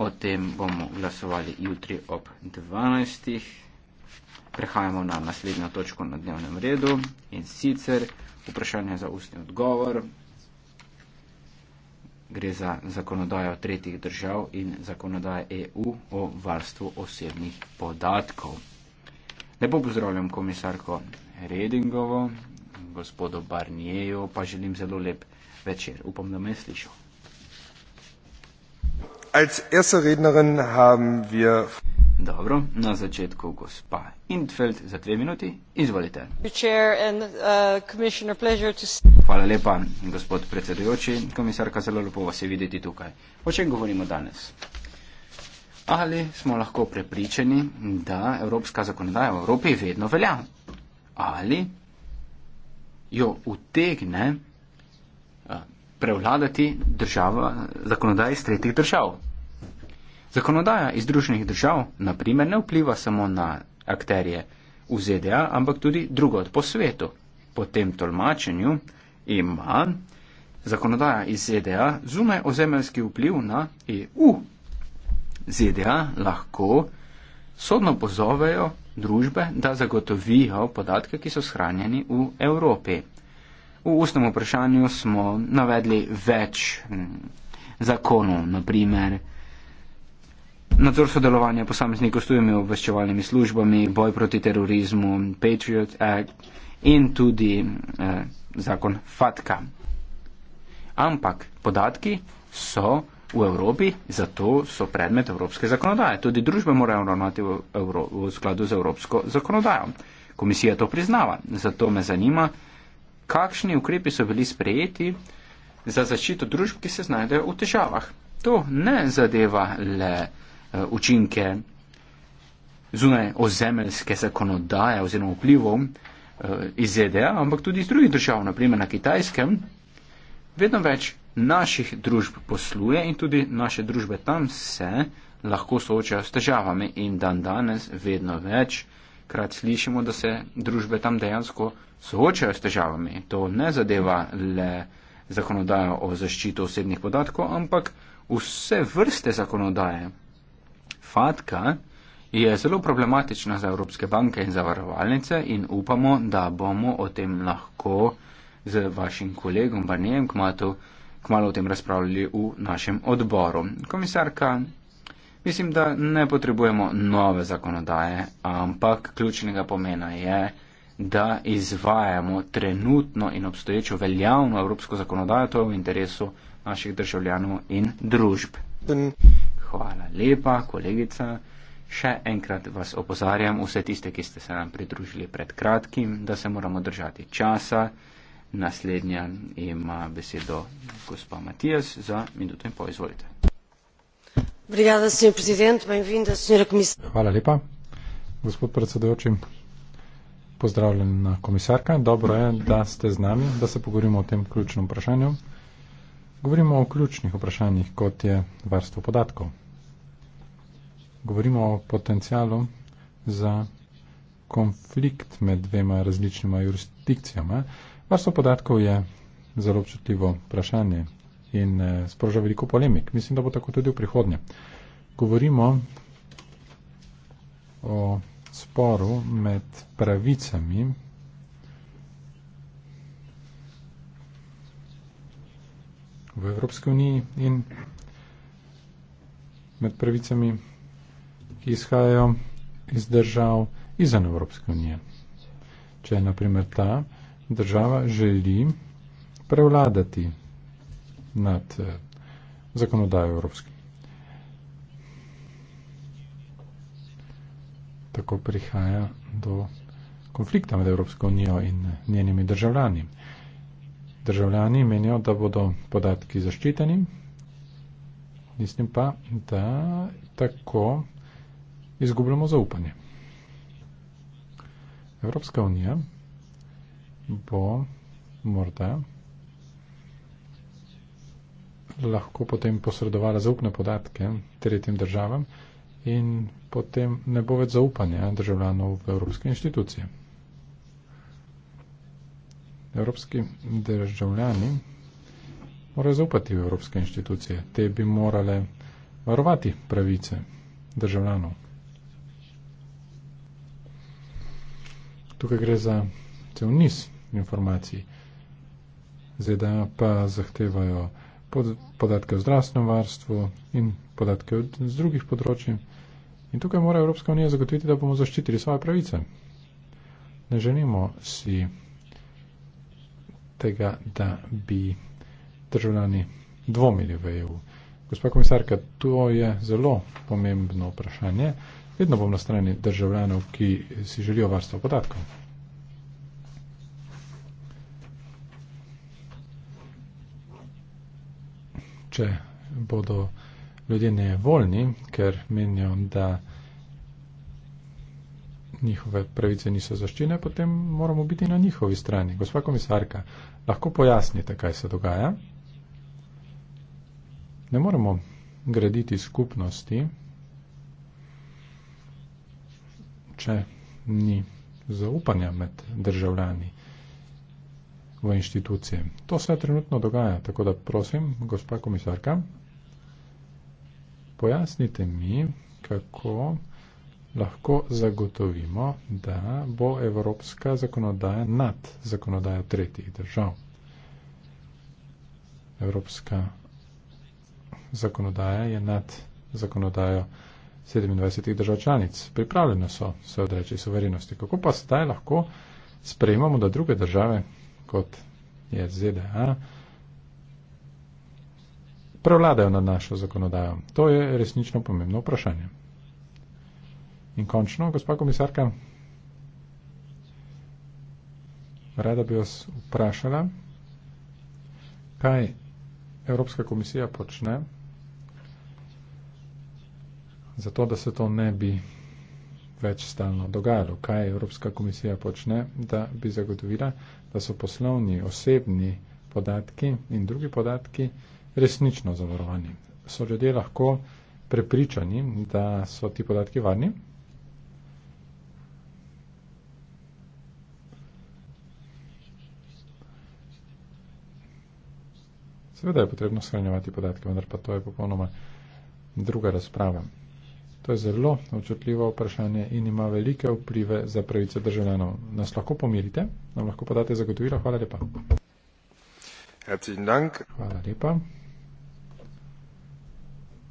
O tem bomo glasovali jutri ob 12. Prehajamo na naslednjo točko na dnevnem redu in sicer vprašanje za ustni odgovor. Gre za zakonodajo tretjih držav in zakonodajo EU o varstvu osebnih podatkov. Lepo pozdravljam komisarko Redingovo, gospodo Barnijejo, pa želim zelo lep večer. Upam, da me je slišal. Als erste Rednerin haben wir. Dobro, na začetku gospa Intfeld za dve minuti. Izvolite. And, uh, to... Hvala lepa, gospod predsedujoči, komisarka, zelo lepo vas je videti tukaj. O čem govorimo danes? Ali smo lahko prepričani, da evropska zakonodaja v Evropi vedno velja? Ali jo utegne? prevladati država zakonodaje iz tretjih držav. Zakonodaja iz druženih držav, naprimer, ne vpliva samo na akterje v ZDA, ampak tudi drugod po svetu. Po tem tolmačenju ima zakonodaja iz ZDA zume ozemeljski vpliv na EU. ZDA lahko sodno pozovejo družbe, da zagotovijo podatke, ki so shranjeni v Evropi. V ustnem vprašanju smo navedli več mm, zakonov, naprimer nadzor sodelovanja posameznikov s tujimi obveščevalnimi službami, boj proti terorizmu, Patriot Act in tudi eh, zakon FATKA. Ampak podatki so v Evropi, zato so predmet evropske zakonodaje. Tudi družbe morajo ravnati v, Evro v skladu z evropsko zakonodajo. Komisija to priznava, zato me zanima, kakšni ukrepi so bili sprejeti za zaščito družb, ki se znajdejo v težavah. To ne zadeva le eh, učinke zunaj ozemeljske zakonodaje oziroma vplivov eh, iz ZDA, ampak tudi iz drugih držav, naprimer na kitajskem. Vedno več naših družb posluje in tudi naše družbe tam se lahko soočajo s težavami in dan danes vedno več krat slišimo, da se družbe tam dejansko soočajo s težavami. To ne zadeva le zakonodajo o zaščito osebnih podatkov, ampak vse vrste zakonodaje. Fatka je zelo problematična za evropske banke in zavarovalnice in upamo, da bomo o tem lahko z vašim kolegom Barnijem Kmatu kmalo o tem razpravljali v našem odboru. Komisarka, mislim, da ne potrebujemo nove zakonodaje, ampak ključnega pomena je, da izvajamo trenutno in obstoječo veljavno evropsko zakonodajo, to je v interesu naših državljanov in družb. Hvala lepa, kolegica. Še enkrat vas opozarjam, vse tiste, ki ste se nam pridružili pred kratkim, da se moramo držati časa. Naslednja ima besedo gospa Matijas za minuto in pol. Izvolite. Obrigada, senjor predsednik, bem vinda, senjora komisarka. Hvala lepa, gospod predsedujoči. Pozdravljena komisarka, dobro je, da ste z nami, da se pogovorimo o tem ključnem vprašanju. Govorimo o ključnih vprašanjih, kot je varstvo podatkov. Govorimo o potencijalu za konflikt med dvema različnima jurisdikcijama. Varstvo podatkov je zelo občutljivo vprašanje in eh, sproža veliko polemik. Mislim, da bo tako tudi v prihodnje. Govorimo o sporu med pravicami v Evropski uniji in med pravicami, ki izhajajo iz držav izven Evropske unije. Če je naprimer ta država želi prevladati nad eh, zakonodajo Evropske tako prihaja do konflikta med Evropsko unijo in njenimi državljani. Državljani menijo, da bodo podatki zaščiteni, mislim pa, da tako izgubljamo zaupanje. Evropska unija bo morda lahko potem posredovala zaupne podatke tretjim državam, in potem ne bo več zaupanja državljanov v evropske inštitucije. Evropski državljani morajo zaupati v evropske inštitucije. Te bi morale varovati pravice državljanov. Tukaj gre za cel niz informacij. ZDA pa zahtevajo podatke o zdravstvenem varstvu in podatke z drugih področjih. In tukaj mora Evropska unija zagotoviti, da bomo zaščitili svoje pravice. Ne želimo si tega, da bi državljani dvomili v EU. Gospa komisarka, to je zelo pomembno vprašanje. Vedno bom na strani državljanov, ki si želijo varstvo podatkov. Če bodo ljudje nevoljni, ker menijo, da njihove pravice niso zaščine, potem moramo biti na njihovi strani. Gospa komisarka, lahko pojasnite, kaj se dogaja? Ne moremo graditi skupnosti, če ni zaupanja med državljani v inštitucije. To se trenutno dogaja, tako da prosim, gospa komisarka, pojasnite mi, kako lahko zagotovimo, da bo evropska zakonodaja nad zakonodajo tretjih držav. Evropska zakonodaja je nad zakonodajo 27 držav članic. Pripravljene so se odreči suverenosti. Kako pa zdaj lahko sprejemamo, da druge države, kot je ZDA, prevladajo nad našo zakonodajo? To je resnično pomembno vprašanje. In končno, gospa komisarka, rada bi vas vprašala, kaj Evropska komisija počne, zato da se to ne bi več stalno dogajalo. Kaj Evropska komisija počne, da bi zagotovila, da so poslovni, osebni podatki in drugi podatki, resnično zavarovani? So ljudje lahko prepričani, da so ti podatki varni? Seveda je potrebno shranjevati podatke, vendar pa to je popolnoma druga razprava. To je zelo očutljivo vprašanje in ima velike vplive za pravice državljanov. Nas lahko pomirite, nam lahko podate zagotovilo. Hvala lepa. Hvala lepa.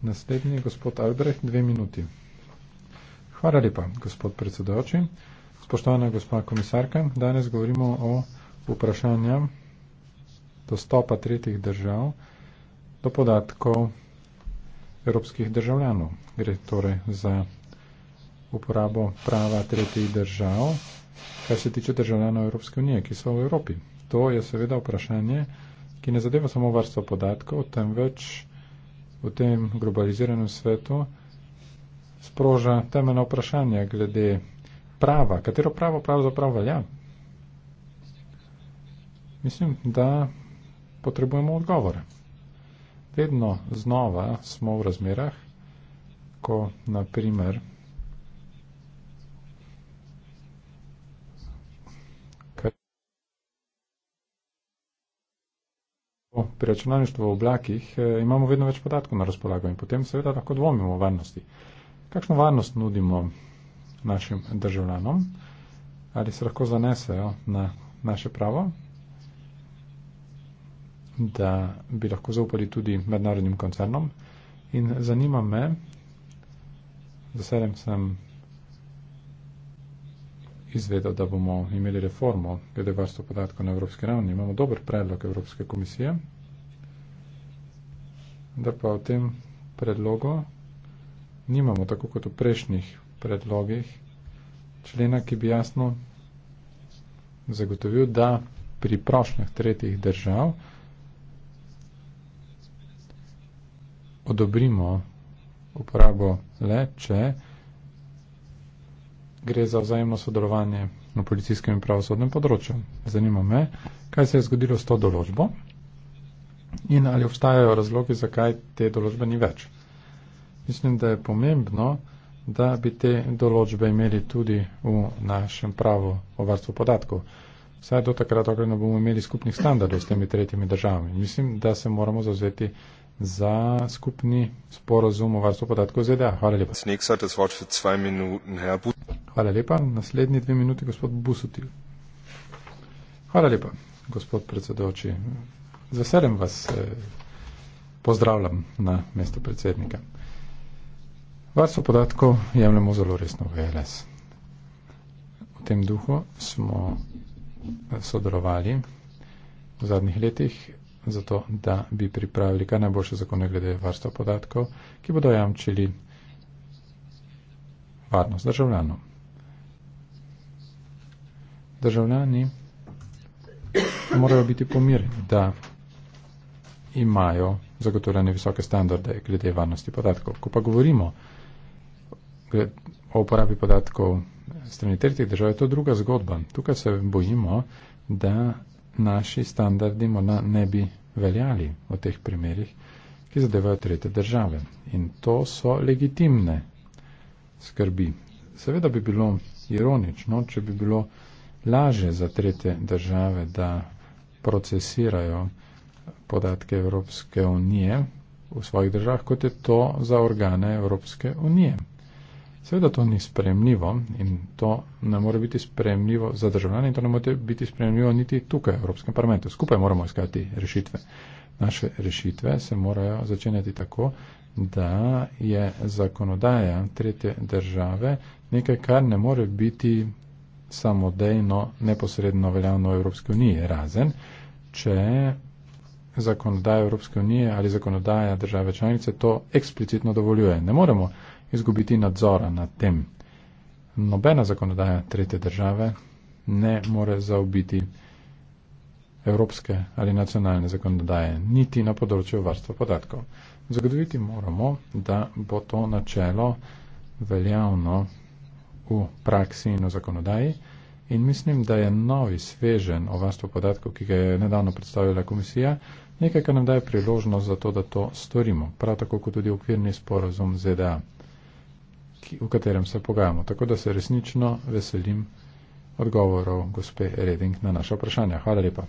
Naslednji je gospod Albrecht, dve minuti. Hvala lepa, gospod predsedoči. Spoštovana gospa komisarka, danes govorimo o vprašanju dostopa tretjih držav do podatkov evropskih državljanov. Gre torej za uporabo prava tretjih držav, kar se tiče državljanov Evropske unije, ki so v Evropi. To je seveda vprašanje, ki ne zadeva samo varstvo podatkov, temveč v tem globaliziranem svetu sproža temeljna vprašanja glede prava, katero pravo pravzaprav velja. Mislim, da potrebujemo odgovore. Vedno znova smo v razmerah, ko naprimer pri računalništvu v oblakih eh, imamo vedno več podatkov na razpolago in potem seveda lahko dvomimo o varnosti. Kakšno varnost nudimo našim državljanom? Ali se lahko zanesejo na naše pravo, da bi lahko zaupali tudi mednarodnim koncernom? In zanima me, zasedem sem izvedel, da bomo imeli reformo glede varstva podatkov na evropski ravni. Imamo dober predlog Evropske komisije, da pa v tem predlogu nimamo, tako kot v prejšnjih predlogih, člena, ki bi jasno zagotovil, da pri prošnjah tretjih držav odobrimo uporabo le, če gre za vzajemno sodelovanje na policijskem in pravosodnem področju. Zanima me, kaj se je zgodilo s to določbo in ali obstajajo razlogi, zakaj te določbe ni več. Mislim, da je pomembno, da bi te določbe imeli tudi v našem pravu o varstvu podatkov. Vsaj do takrat, dokler ne bomo imeli skupnih standardov s temi tretjimi državami. Mislim, da se moramo zauzeti za skupni sporozum o varstvu podatkov ZDA. Hvala lepa. Hvala lepa. Naslednji dve minuti, gospod Busutil. Hvala lepa, gospod predsedoči. Z veseljem vas eh, pozdravljam na mesto predsednika. Varstvo podatkov jemljemo zelo resno v LS. V tem duhu smo eh, sodelovali v zadnjih letih zato, da bi pripravili kar najboljše zakone glede varstva podatkov, ki bodo jamčili varnost državljanov. Državljani morajo biti pomirjeni, da imajo zagotovljene visoke standarde glede varnosti podatkov. Ko pa govorimo o uporabi podatkov strani tretjih držav, je to druga zgodba. Tukaj se bojimo, da naši standardi morda ne bi veljali v teh primerih, ki zadevajo tretje države. In to so legitimne skrbi. Seveda bi bilo ironično, če bi bilo laže za tretje države, da procesirajo podatke Evropske unije v svojih državah, kot je to za organe Evropske unije. Seveda to ni spremljivo in to ne more biti spremljivo za državljane in to ne more biti spremljivo niti tukaj v Evropskem parlamentu. Skupaj moramo iskati rešitve. Naše rešitve se morajo začenjati tako, da je zakonodaja tretje države nekaj, kar ne more biti samodejno neposredno veljavno v Evropski uniji, razen, če zakonodaja Evropske unije ali zakonodaja države članice to eksplicitno dovoljuje. Ne moremo izgubiti nadzora nad tem. Nobena zakonodaja tretje države ne more zaobiti evropske ali nacionalne zakonodaje, niti na področju varstva podatkov. Zagotoviti moramo, da bo to načelo veljavno v praksi in v zakonodaji. In mislim, da je novi svežen o varstvu podatkov, ki ga je nedavno predstavila komisija, nekaj, kar nam daje priložnost za to, da to storimo. Prav tako kot tudi okvirni sporozum ZDA, ki, v katerem se pogajamo. Tako da se resnično veselim odgovorov gospe Reding na naše vprašanja. Hvala lepa.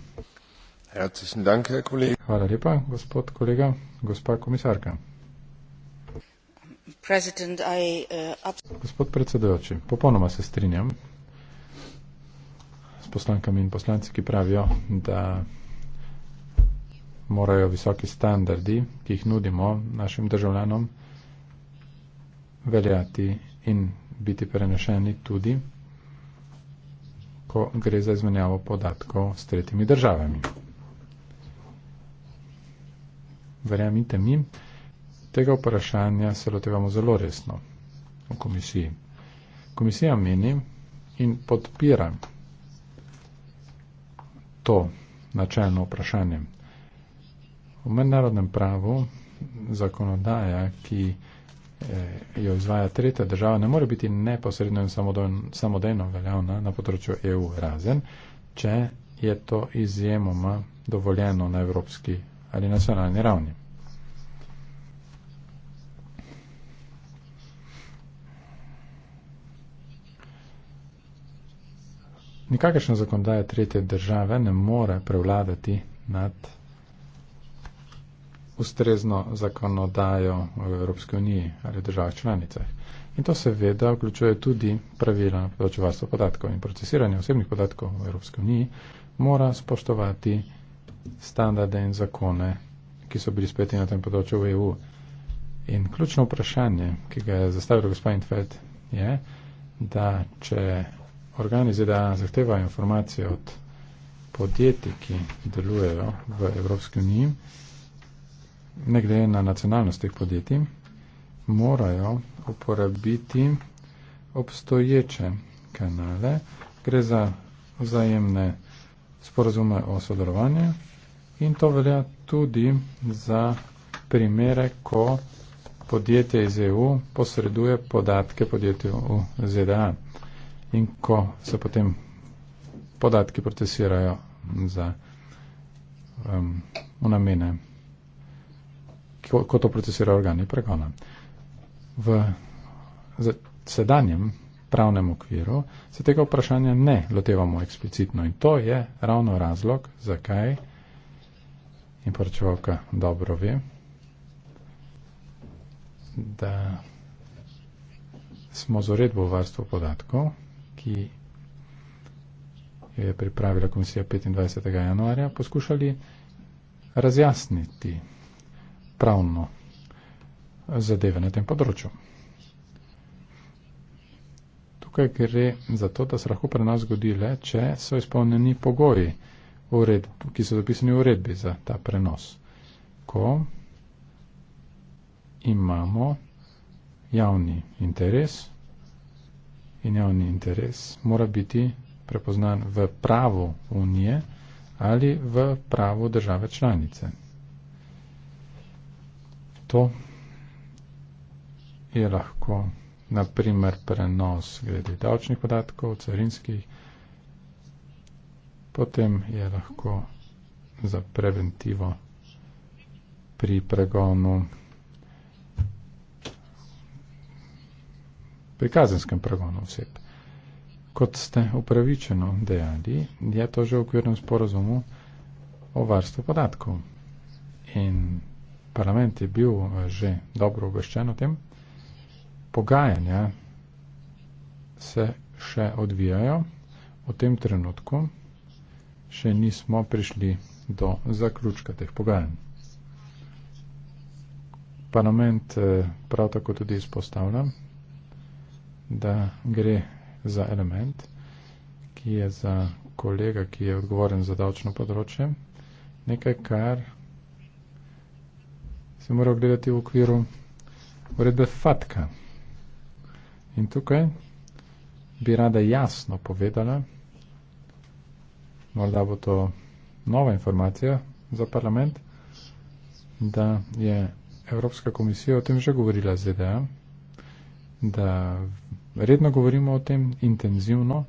Danke, Hvala lepa, gospod kolega, gospa komisarka. I, uh, gospod predsedujoči, popolnoma se strinjam poslankami in poslanci, ki pravijo, da morajo visoki standardi, ki jih nudimo našim državljanom, veljati in biti prenešeni tudi, ko gre za izmenjavo podatkov s tretjimi državami. Verjamite mi, tega vprašanja se lotevamo zelo resno v komisiji. Komisija meni in podpiram to načelno vprašanje. V mednarodnem pravu zakonodaja, ki eh, jo izvaja tretja država, ne more biti neposredno in samodejno veljavna na področju EU, razen, če je to izjemoma dovoljeno na evropski ali nacionalni ravni. nikakršna zakonodaja tretje države ne more prevladati nad ustrezno zakonodajo v Evropske unije ali državah članicah. In to seveda vključuje tudi pravila na področju varstva podatkov in procesiranje osebnih podatkov v Evropske unije mora spoštovati standarde in zakone, ki so bili speti na tem področju v EU. In ključno vprašanje, ki ga je zastavil gospod Intfeld, je, da če organi ZDA zahtevajo informacije od podjetij, ki delujejo v Evropski uniji, ne glede na nacionalnost teh podjetij, morajo uporabiti obstoječe kanale, gre za vzajemne sporozume o sodelovanju in to velja tudi za primere, ko podjetje iz EU posreduje podatke podjetju v ZDA in ko se potem podatki procesirajo za um, namene, ko, ko to procesirajo organi pregona. V sedanjem pravnem okviru se tega vprašanja ne lotevamo eksplicitno in to je ravno razlog, zakaj in poročevalka dobro ve, da smo z uredbo varstvo podatkov ki je pripravila komisija 25. januarja, poskušali razjasniti pravno zadeve na tem področju. Tukaj gre za to, da se lahko pri nas zgodi le, če so izpolneni pogoji, ured, ki so zapisani v uredbi za ta prenos. Ko imamo javni interes, in javni interes mora biti prepoznan v pravu Unije ali v pravu države članice. To je lahko naprimer prenos glede davčnih podatkov, carinskih, potem je lahko za preventivo pri pregonu pri kazenskem pregonu oseb. Kot ste upravičeno dejali, je to že v okvirnem sporozumu o varstvu podatkov. In parlament je bil eh, že dobro obveščen o tem. Pogajanja se še odvijajo v tem trenutku, še nismo prišli do zaključka teh pogajanj. Parlament eh, prav tako tudi izpostavlja, da gre za element, ki je za kolega, ki je odgovoren za davčno področje, nekaj, kar se mora ogledati v okviru uredbe FATKA. In tukaj bi rada jasno povedala, morda bo to nova informacija za parlament, da je Evropska komisija o tem že govorila z ZDA, da redno govorimo o tem intenzivno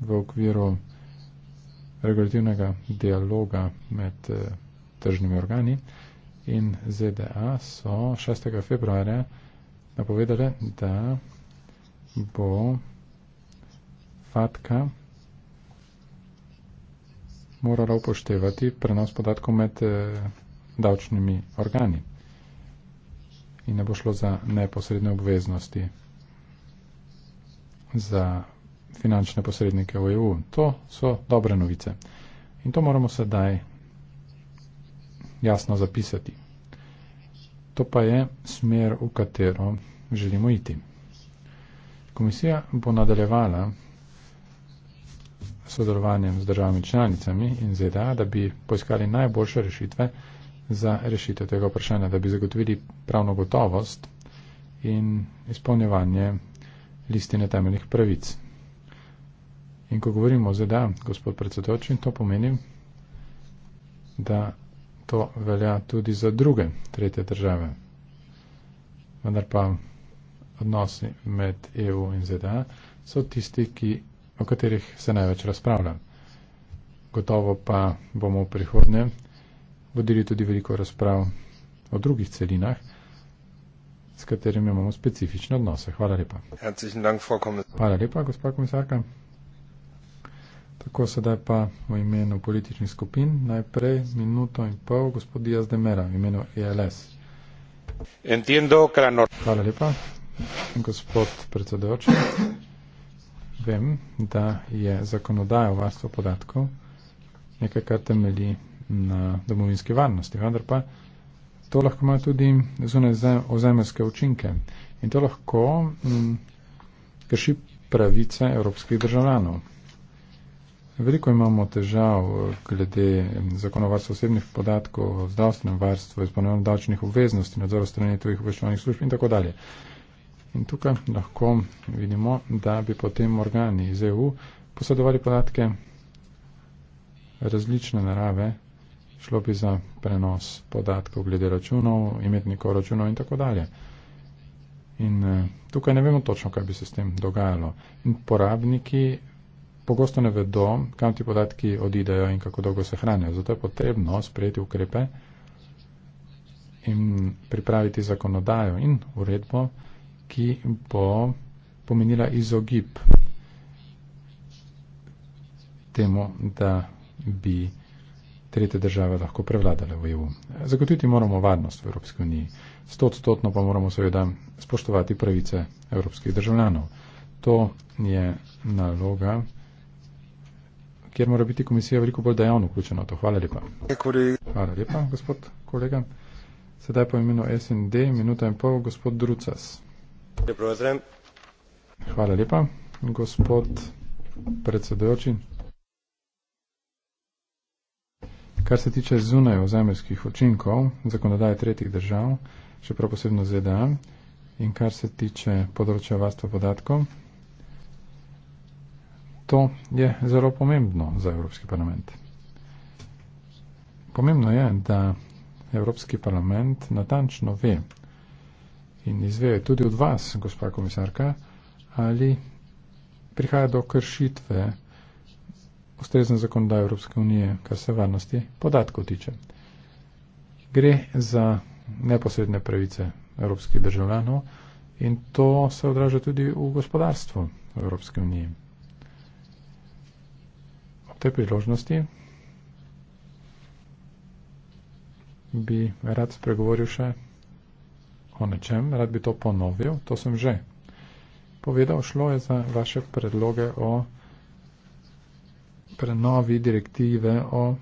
v okviru regulativnega dialoga med eh, tržnimi organi in ZDA so 6. februarja napovedali, da bo FATKA morala upoštevati prenos podatkov med eh, davčnimi organi in ne bo šlo za neposredne obveznosti za finančne posrednike v EU. To so dobre novice. In to moramo sedaj jasno zapisati. To pa je smer, v katero želimo iti. Komisija bo nadaljevala sodelovanjem z državami članicami in ZDA, da bi poiskali najboljše rešitve, za rešitev tega vprašanja, da bi zagotovili pravno gotovost in izpolnjevanje listine temeljnih pravic. In ko govorimo o ZDA, gospod predsedoči, to pomeni, da to velja tudi za druge tretje države. Vendar pa odnosi med EU in ZDA so tisti, ki, o katerih se največ razpravlja. Gotovo pa bomo v prihodnje vodili tudi veliko razprav o drugih celinah, s katerimi imamo specifične odnose. Hvala lepa. Hvala lepa, gospod komisarka. Tako sedaj pa v imenu političnih skupin. Najprej minuto in pol gospod Diaz de Mera v imenu ELS. Hvala lepa, gospod predsedojoči. Vem, da je zakonodaja o varstvu podatkov nekaj, kar temelji na domovinski varnosti, vendar pa to lahko ima tudi zunaj ozemeljske učinke in to lahko mm, krši pravice evropskih državljanov. Veliko imamo težav eh, glede mm, zakonovarstva osebnih podatkov, zdravstvenem varstvu, izpolnjevanju davčnih obveznosti, nadzora strani tujih obveščevalnih služb in tako dalje. In tukaj lahko vidimo, da bi potem organi iz EU posedovali podatke različne narave šlo bi za prenos podatkov glede računov, imetnikov računov in tako dalje. In eh, tukaj ne vemo točno, kaj bi se s tem dogajalo. In porabniki pogosto ne vedo, kam ti podatki odidejo in kako dolgo se hranijo. Zato je potrebno sprejeti ukrepe in pripraviti zakonodajo in uredbo, ki bo pomenila izogib temu, da bi tretje države lahko prevladale v EU. Zagotoviti moramo varnost v Evropski uniji. Stotstotno pa moramo seveda spoštovati pravice evropskih državljanov. To je naloga, kjer mora biti komisija veliko bolj dejavno vključena. To. Hvala lepa. Hvala lepa, gospod kolega. Sedaj pa imeno SND, minuta in pol, gospod Drucas. Hvala lepa, gospod predsedojočin. Kar se tiče zunaj ozemeljskih učinkov, zakonodaje tretjih držav, še prav posebno ZDA, in kar se tiče področja varstva podatkov, to je zelo pomembno za Evropski parlament. Pomembno je, da Evropski parlament natančno ve in izve tudi od vas, gospa komisarka, ali prihaja do kršitve ustrezne zakonodaje Evropske unije, kar se varnosti podatkov tiče. Gre za neposredne pravice evropskih državljanov in to se odraža tudi v gospodarstvu Evropske unije. Ob tej priložnosti bi rad spregovoril še o nečem, rad bi to ponovil, to sem že povedal, šlo je za vaše predloge o prenovi direktive o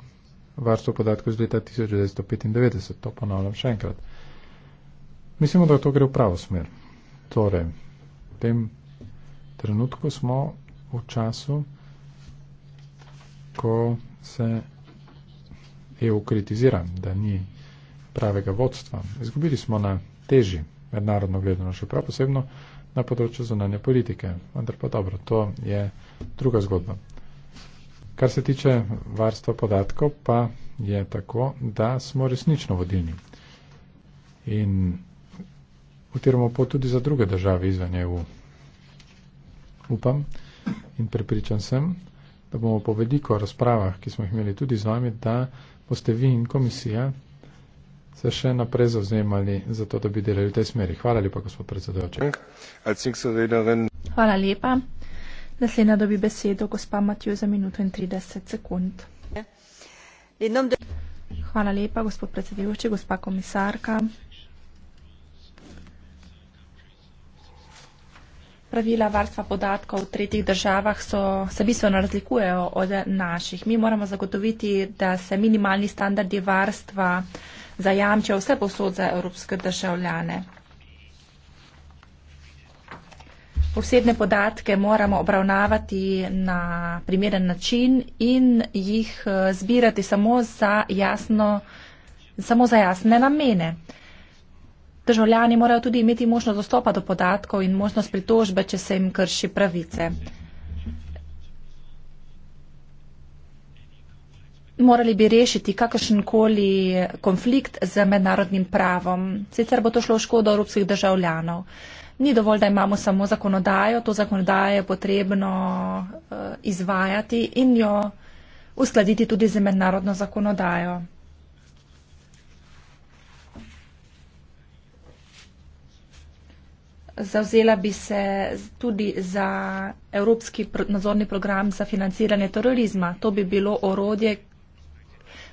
varstvu podatkov iz leta 1995. To ponavljam še enkrat. Mislimo, da to gre v pravo smer. Torej, v tem trenutku smo v času, ko se EU kritizira, da ni pravega vodstva. Izgubili smo na teži mednarodno gledano, še prav posebno na področju zonanje politike. Vendar pa dobro, to je druga zgodba. Kar se tiče varstva podatkov, pa je tako, da smo resnično vodilni. In utiramo pot tudi za druge države izven EU. Upam in prepričan sem, da bomo po veliko razpravah, ki smo jih imeli tudi z vami, da boste vi in komisija se še naprej zauzemali za to, da bi delali v tej smeri. Hvala lepa, gospod predsedujoči. Hvala lepa. Naslednja dobi besedo gospa Matijo za minuto in 30 sekund. Hvala lepa, gospod predsedujoči, gospa komisarka. Pravila varstva podatkov v tretjih državah so, se bistveno razlikujejo od naših. Mi moramo zagotoviti, da se minimalni standardi varstva zajamčijo vse posod za evropske državljane. osebne podatke moramo obravnavati na primeren način in jih eh, zbirati samo za, jasno, samo za jasne namene. Državljani morajo tudi imeti možnost dostopa do podatkov in možnost pritožbe, če se jim krši pravice. Morali bi rešiti kakršenkoli konflikt z mednarodnim pravom, sicer bo to šlo v škodo evropskih državljanov ni dovolj, da imamo samo zakonodajo, to zakonodajo je potrebno eh, izvajati in jo uskladiti tudi z mednarodno zakonodajo. Zavzela bi se tudi za Evropski nadzorni program za financiranje terorizma. To bi bilo orodje,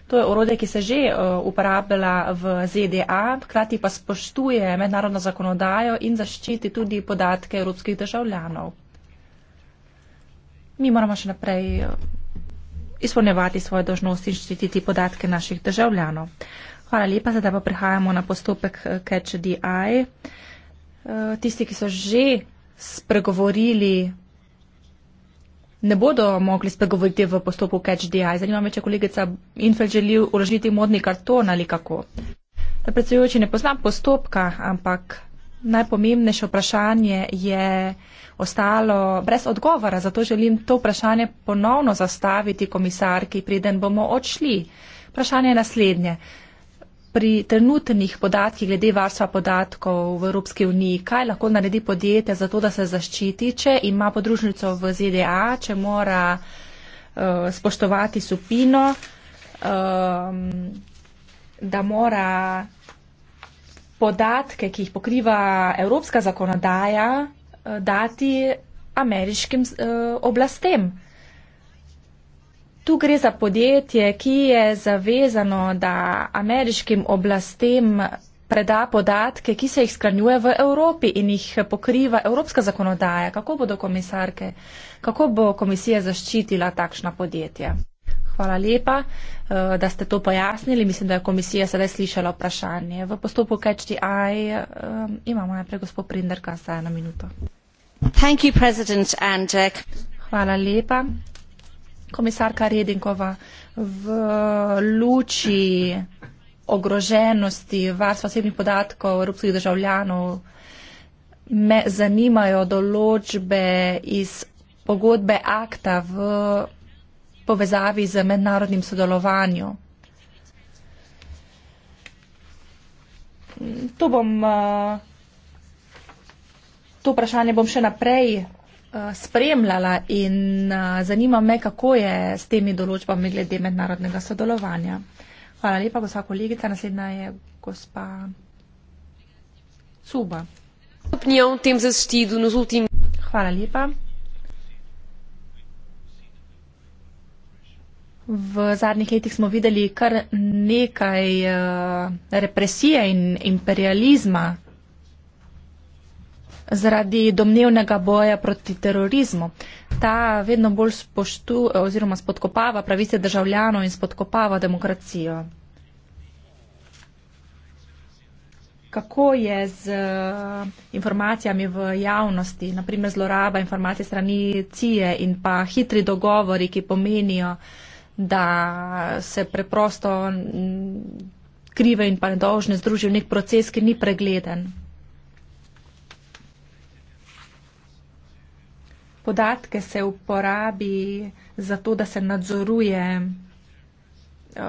To je orodje, ki se že eh, uporablja v ZDA, hkrati pa spoštuje mednarodno zakonodajo in zaščiti tudi podatke evropskih državljanov. Mi moramo še naprej eh, izpolnjevati svoje dožnosti in ščititi podatke naših državljanov. Hvala lepa, zdaj pa prehajamo na postopek eh, Catch DI. Tisti, ki so že spregovorili ne bodo mogli spregovoriti v postopku catch-di. Zanima me, če kolegica Infel želi uložiti modni karton ali kako. Predsedujoči, ne poznam postopka, ampak najpomembnejše vprašanje je ostalo brez odgovora. Zato želim to vprašanje ponovno zastaviti komisarki, preden bomo odšli. Vprašanje je naslednje pri trenutnih podatkih glede varstva podatkov v Evropski uniji, kaj lahko naredi podjetje za to, da se zaščiti, če ima podružnico v ZDA, če mora uh, spoštovati supino, um, da mora podatke, ki jih pokriva evropska zakonodaja, uh, dati ameriškim uh, oblastem. Tu gre za podjetje, ki je zavezano, da ameriškim oblastem preda podatke, ki se jih skranjuje v Evropi in jih pokriva evropska zakonodaja. Kako bodo komisarke, kako bo komisija zaščitila takšna podjetja? Hvala lepa, eh, da ste to pojasnili. Mislim, da je komisija sedaj slišala vprašanje. V postopku Catch the Eye eh, imamo najprej gospod Prinder, kar sta eno minuto. Eh, Hvala lepa komisarka Redinkova v luči ogroženosti varstva osebnih podatkov evropskih državljanov me zanimajo določbe iz pogodbe akta v povezavi z mednarodnim sodelovanjem. To bom, eh, to vprašanje bom še naprej Eh, spremljala in eh, zanima me, kako je s temi določbami glede mednarodnega sodelovanja. Hvala lepa, gospa kolegica. Naslednja je gospa Cuba. Hvala lepa. V zadnjih letih smo videli kar nekaj eh, represije in imperializma zaradi domnevnega boja proti terorizmu. Ta vedno bolj spoštu, oziroma spodkopava pravice državljanov in spodkopava demokracijo. Kako je z eh, informacijami v javnosti, naprimer zloraba informacij strani CIE in pa hitri dogovori, ki pomenijo, da se preprosto mm, krive in pa nedolžne združijo v nek proces, ki ni pregleden? podatke se uporabi za to, da se nadzoruje eh,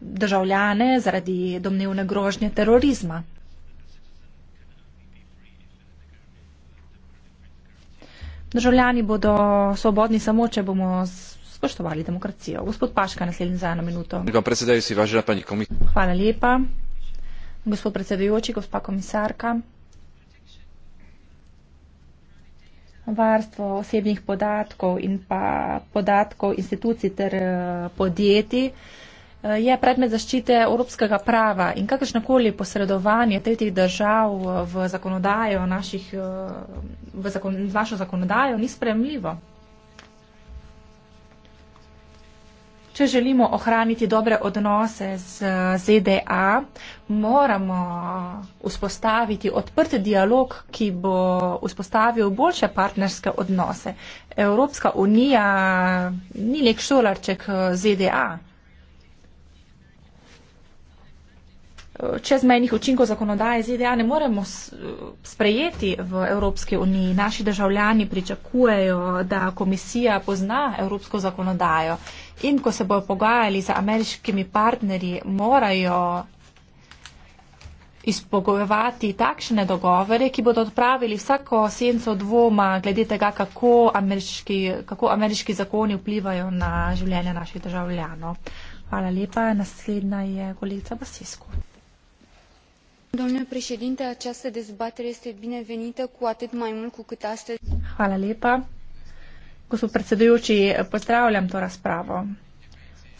državljane zaradi domnevne grožnje terorizma. Državljani bodo svobodni samo, če bomo spoštovali demokracijo. Gospod Paška, naslednji za eno minuto. Hvala lepa. Gospod predsedujoči, gospa komisarka. varstvo osebnih podatkov in pa podatkov institucij ter eh, podjetij eh, je predmet zaščite evropskega prava in kakršnekoli posredovanje tretjih držav eh, v zakonodajo naših, v zakon, našo zakonodajo ni spremljivo. če želimo ohraniti dobre odnose z ZDA, moramo vzpostaviti odprt dialog, ki bo vzpostavil boljše partnerske odnose. Evropska unija ni nek šolarček eh, ZDA. Čezmejnih učinkov zakonodaje ZDA ne moremo eh, sprejeti v Evropski uniji. Naši državljani pričakujejo, da komisija pozna evropsko zakonodajo. In ko se bojo pogajali z ameriškimi partnerji, morajo izpogojevati takšne dogovore, ki bodo odpravili vsako senco dvoma glede tega, kako ameriški, kako ameriški zakoni vplivajo na življenje naših državljanov. Hvala lepa. Naslednja je kolegica Basisko. Hvala lepa. Gospod predsedujoči, pozdravljam to razpravo.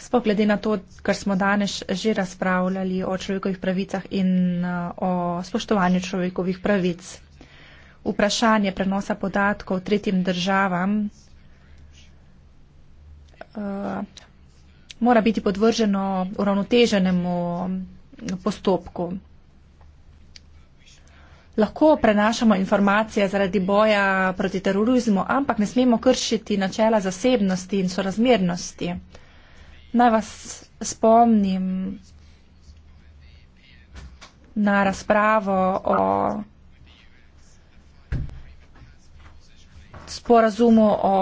Spoglede na to, kar smo danes že razpravljali o človekovih pravicah in uh, o spoštovanju človekovih pravic. Vprašanje prenosa podatkov tretjim državam uh, mora biti podvrženo uravnoteženemu postopku lahko prenašamo informacije zaradi boja proti terorizmu, ampak ne smemo kršiti načela zasebnosti in sorazmernosti. Naj vas spomnim na razpravo o sporazumu o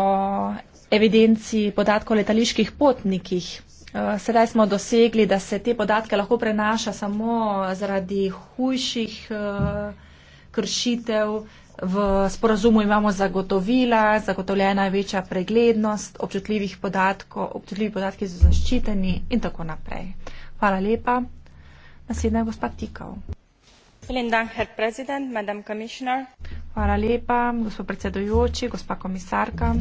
evidenci podatkov o letaliških potnikih. Eh, sedaj smo dosegli, da se te podatke lahko prenaša samo zaradi hujših uh, kršitev. V sporazumu imamo zagotovila, zagotovljena je večja preglednost, občutljivih podatkov, občutljivi podatki so zaščiteni in tako naprej. Hvala lepa. Naslednja je gospod Tikov. Hvala lepa, gospod predsedujoči, gospa komisarka.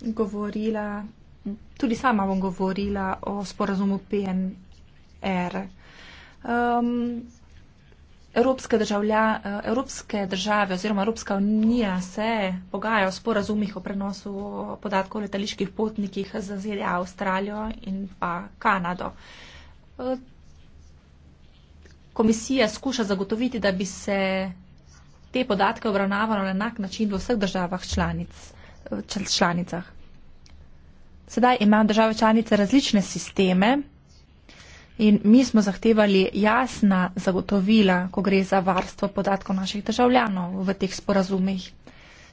Govorila, tudi sama bom govorila o sporazumu PN ere. Um, Evropske, državlja, eh, Evropske države oziroma Evropska unija se pogajajo o sporazumih o prenosu podatkov letaliških potnikih z ZDA, Avstralijo in pa Kanado. Eh, komisija skuša zagotoviti, da bi se te podatke obravnavalo na enak način v vseh državah članic, eh, članicah. Sedaj imajo države članice različne sisteme In mi smo zahtevali jasna zagotovila, ko gre za varstvo podatkov naših državljanov v teh sporazumih.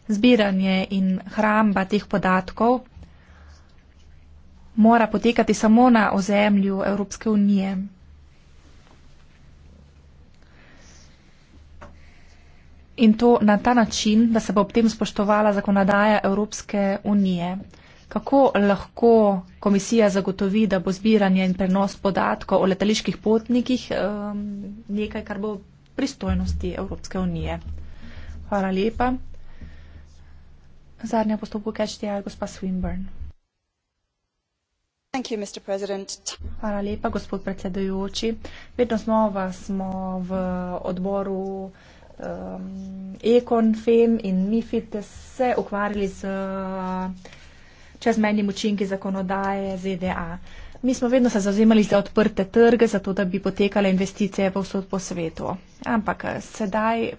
Zbiranje in hramba teh podatkov mora potekati samo na ozemlju Evropske unije. In to na ta način, da se bo ob tem spoštovala zakonodaja Evropske unije kako lahko komisija zagotovi, da bo zbiranje in prenos podatkov o letaliških potnikih um, nekaj, kar bo pristojnosti Evropske unije. Hvala lepa. Zadnja postopka KHTI, gospa Swinburne. You, Hvala lepa, gospod predsedujoči. Vedno znova smo v odboru um, Econ, FEM in MIFID se ukvarjali z uh, čezmenjim učinki zakonodaje ZDA. Mi smo vedno se zauzemali za odprte trge, zato da bi potekale investicije povsod po svetu. Ampak eh, sedaj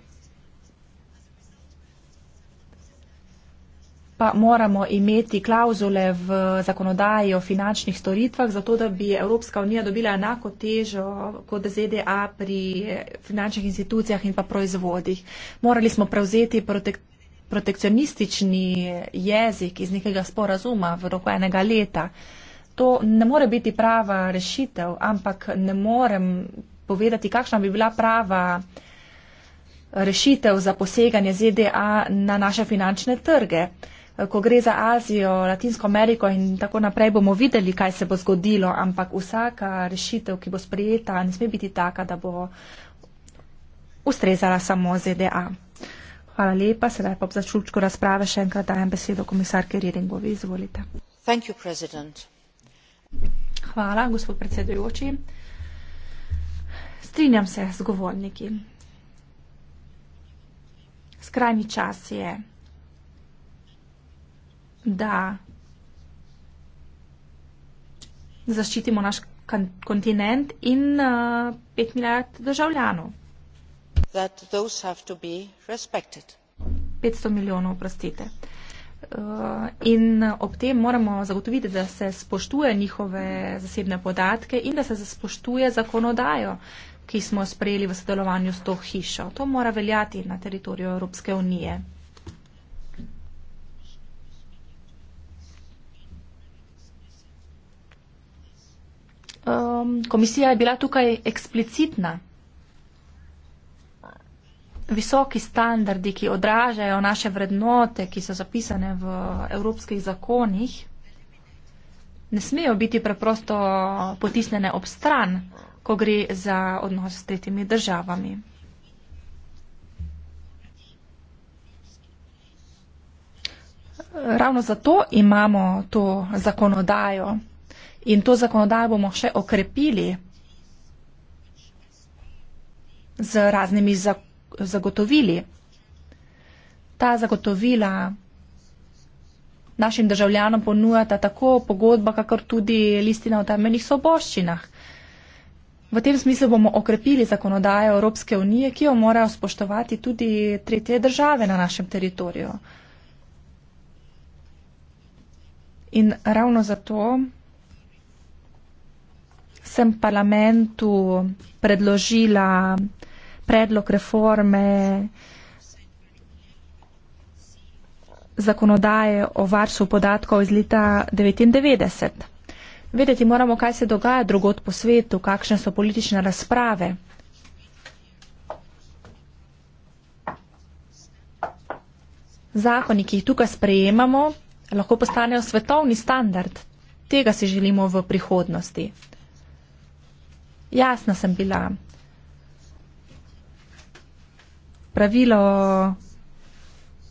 pa moramo imeti klauzule v zakonodaji o finančnih storitvah, zato da bi Evropska unija dobila enako težo kot ZDA pri eh, finančnih institucijah in pa proizvodih. Morali smo prevzeti protektorat protekcionistični jezik iz nekega sporazuma v roku enega leta. To ne more biti prava rešitev, ampak ne morem povedati, kakšna bi bila prava rešitev za poseganje ZDA na naše finančne trge. Ko gre za Azijo, Latinsko Ameriko in tako naprej, bomo videli, kaj se bo zgodilo, ampak vsaka rešitev, ki bo sprejeta, ne sme biti taka, da bo ustrezala samo ZDA. Hvala lepa. Sedaj pa ob zaključku razprave še enkrat dajem besedo komisarki Redingovi. Izvolite. Thank you, Hvala, gospod predsedujoči. Strinjam se z govorniki. Skrajni čas je, da zaščitimo naš kontinent in uh, pet milijard državljanov that those have to be respected. 500 milijonov, oprostite. Eh, in ob tem moramo zagotoviti, da se spoštuje njihove zasebne podatke in da se spoštuje zakonodajo, ki smo sprejeli v sodelovanju s to hišo. To mora veljati na teritoriju Evropske unije. Komisija je bila tukaj eksplicitna visoki standardi, ki odražajo naše vrednote, ki so zapisane v evropskih zakonih, ne smejo biti preprosto potisnjene ob stran, ko gre za odnos s tretjimi državami. Ravno zato imamo to zakonodajo in to zakonodajo bomo še okrepili z raznimi zakonodajami zagotovili. Ta zagotovila našim državljanom ponujata tako pogodba, kakor tudi listina o temeljnih soboščinah. V tem smislu bomo okrepili zakonodajo Evropske unije, ki jo morajo spoštovati tudi tretje države na našem teritoriju. In ravno zato sem parlamentu predložila predlog reforme zakonodaje o varstvu podatkov iz leta 1999. Vedeti moramo, kaj se dogaja drugot po svetu, kakšne so politične razprave. Zakoni, ki jih tukaj sprejemamo, lahko postanejo svetovni standard. Tega si želimo v prihodnosti. Jasna sem bila. pravilo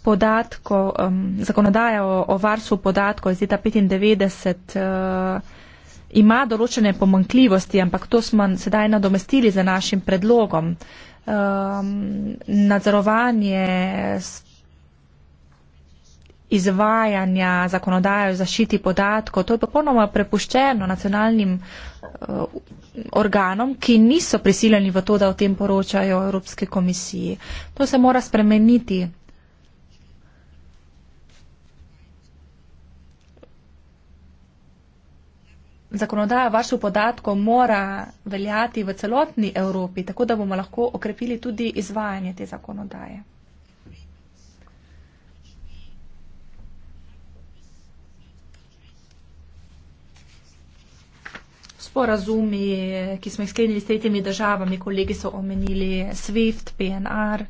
podatkov, um, zakonodaja o, o varstvu podatkov iz leta 95 uh, eh, ima določene pomankljivosti, ampak to smo sedaj nadomestili za našim predlogom. Um, nadzorovanje izvajanja zakonodaje o zaščiti podatkov. To je popolnoma prepuščeno nacionalnim eh, organom, ki niso prisiljeni v to, da o tem poročajo Evropske komisiji. To se mora spremeniti. Zakonodaja vaših podatkov mora veljati v celotni Evropi, tako da bomo lahko okrepili tudi izvajanje te zakonodaje. sporazumi, ki smo jih sklenili s tretjimi državami, kolegi so omenili SWIFT, PNR.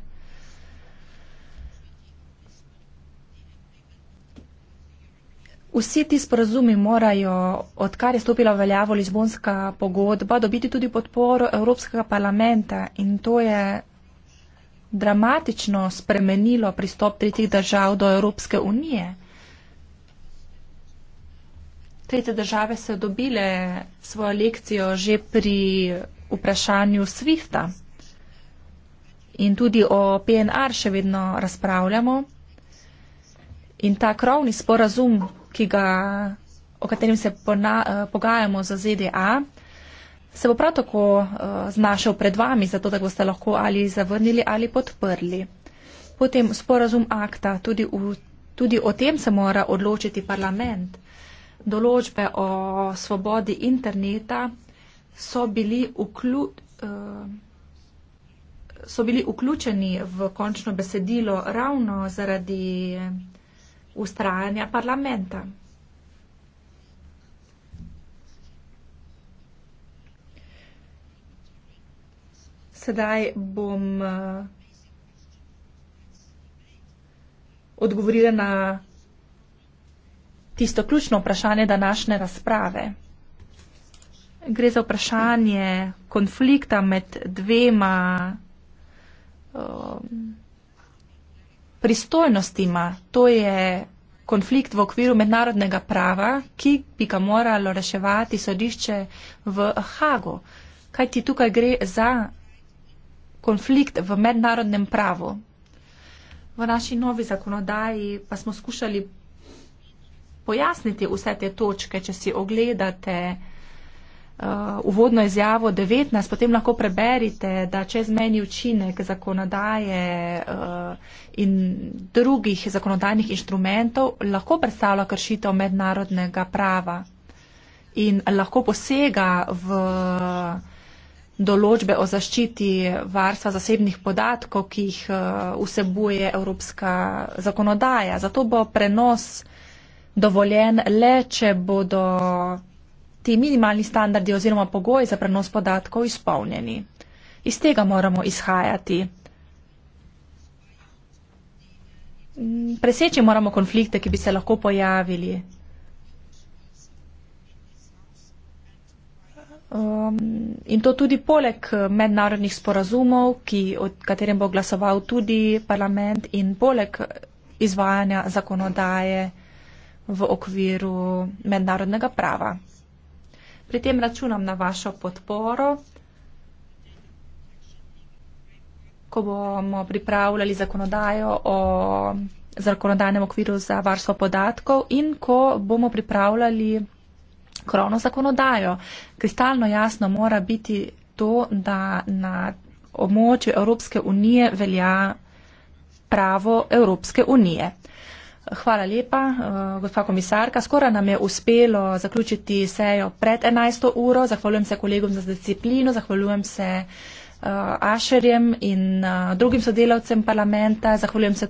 Vsi ti sporazumi morajo, odkar je stopila v veljavo Lizbonska pogodba, dobiti tudi podporo Evropskega parlamenta in to je dramatično spremenilo pristop tretjih držav do Evropske unije tretje države so dobile svojo lekcijo že pri vprašanju Swifta. In tudi o PNR še vedno razpravljamo. In ta krovni sporazum, ga, o katerem se pona, eh, pogajamo za ZDA, se bo prav tako eh, znašel pred vami, zato da boste lahko ali zavrnili ali podprli. Potem sporazum akta, tudi, v, tudi o tem se mora odločiti parlament določbe o svobodi interneta so bili, vklju, uh, so bili vključeni v končno besedilo ravno zaradi ustrajanja parlamenta. Sedaj bom uh, odgovorila na tisto ključno vprašanje današnje razprave. Gre za vprašanje konflikta med dvema um, pristojnostima. To je konflikt v okviru mednarodnega prava, ki bi ga moralo reševati sodišče v Hago. Kaj ti tukaj gre za konflikt v mednarodnem pravu? V naši novi zakonodaji pa smo skušali pojasniti vse te točke, če si ogledate uh, uvodno uh, izjavo 19, potem lahko preberite, da čezmeni učinek zakonodaje uh, in drugih zakonodajnih inštrumentov lahko predstavlja kršitev mednarodnega prava in lahko posega v določbe o zaščiti varstva zasebnih podatkov, ki jih uh, vsebuje evropska zakonodaja. Zato bo prenos uh, dovoljen le, če bodo ti minimalni standardi oziroma pogoji za prenos podatkov izpolnjeni. Iz tega moramo izhajati. Preseči moramo konflikte, ki bi se lahko pojavili. Um, in to tudi poleg mednarodnih sporazumov, ki, od katerem bo glasoval tudi parlament in poleg izvajanja zakonodaje v okviru mednarodnega prava. Pri tem računam na vašo podporo, ko bomo pripravljali zakonodajo o zakonodajnem okviru za varstvo podatkov in ko bomo pripravljali krovno zakonodajo. Kristalno jasno mora biti to, da na območju Evropske unije velja pravo Evropske unije. Hvala lepa, eh, gospa komisarka. Skoraj nam je uspelo zaključiti sejo pred 11. uro. Zahvaljujem se kolegom za disciplino, zahvaljujem se uh, Ašerjem in uh, drugim sodelavcem parlamenta, zahvaljujem se